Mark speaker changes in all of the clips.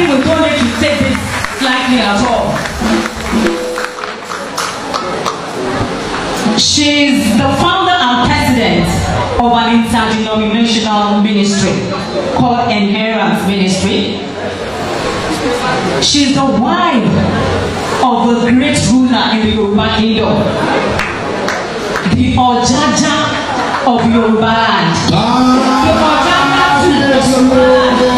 Speaker 1: We don't need to take this lightly at all. She's the founder and president of an interdenominational ministry called Inheritance Ministry. She's the wife of a great ruler in the Yoruba kingdom, the Ojaja of Yoruba land. Ah, the Ojaja of Yoruba land.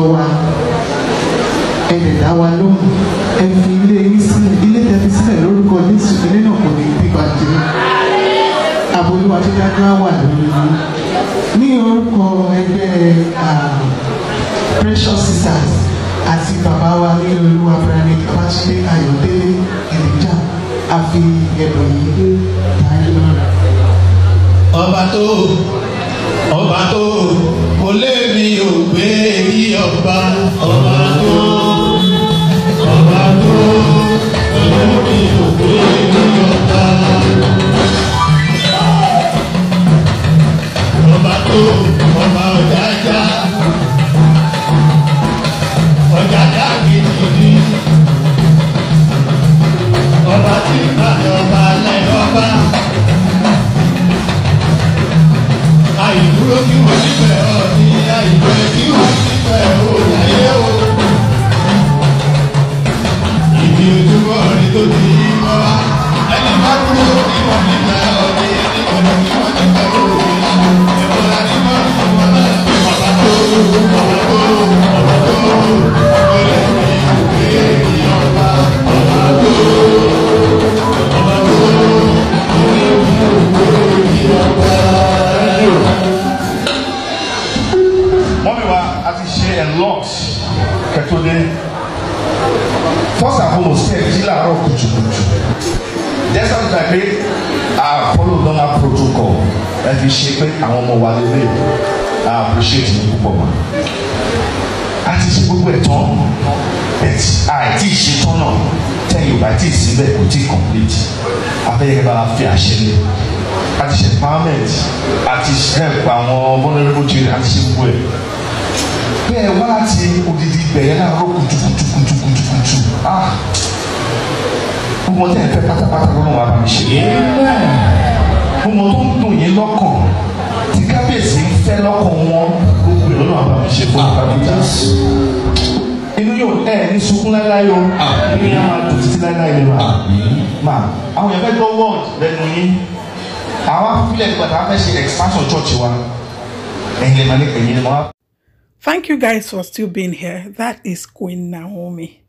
Speaker 1: àwùjọ wa ẹ lè dá wa lóhùn ẹ fi ilé yín sílẹ̀ ilé tẹ́ fi sílẹ̀ lórúkọ Jésù ilé náà kò ní gbígbà jẹ́ abolúwa tó dájú á wà lórí yín ní orúkọ ẹgbẹ́ Precious Sisters àti bàbá wa ní olúwa brani Babátúndé Ayọ̀délé Elijah àfi ẹ̀rọ yìí dájú lọ́rọ̀. ọba tó ọba tó. Oh. dé first and foremost ẹ jí làárọ̀ kùtùkùtù that's how I pay I follow normal protocol ẹ fi ṣe pé àwọn ọmọ wa lè lè I appreciate you púpọ̀ mọ́ a ti ṣe gbogbo ẹ̀ tán bẹ́ẹ̀ àìtí ṣe tán náà tẹ́yìn ọba tí ì kò tí ì complete abẹ́yẹ bá fi àṣẹ lé a ti ṣe empowerment a ti help àwọn vulnerable children a ti ṣe gbogbo ẹ̀ bẹ́ẹ̀ wá láti odidi bẹ̀rẹ̀ náà ló kùtùkùtùkùtùkùtù ah gbogbo fẹ́ pátápátá lọ́nà wa bí ṣe gbogbo tó ń dùn yín lọ́kàn tí kábíyèsí ń fẹ́ lọ́kàn wọn gbogbo ìlọ́nà wa bí ṣe fún àbájá inú yóò ẹ ní sunkún láíláí o inú yà máa dùn títí láíláí lè máa ma àwọn yẹn fẹ́ gbọ́ word lẹ́nu yín àwọn afúnilẹ̀ gbàdá fẹ́ ṣe expansion church wa ẹ̀yin lè máa ní ẹ̀yin lè máa. Thank you guys for still being here. That is Queen Naomi,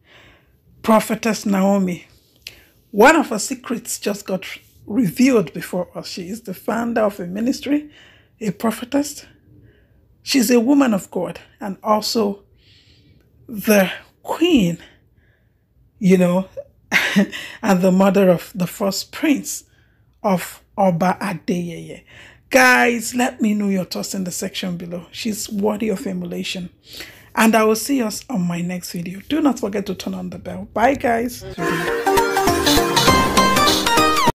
Speaker 1: Prophetess Naomi. One of her secrets just got revealed before us. She is the founder of a ministry, a prophetess. She's a woman of God and also the queen, you know, and the mother of the first prince of Oba Adeyeye. Guys, let me know your thoughts in the section below. She's worthy of emulation. And I will see us on my next video. Do not forget to turn on the bell. Bye, guys.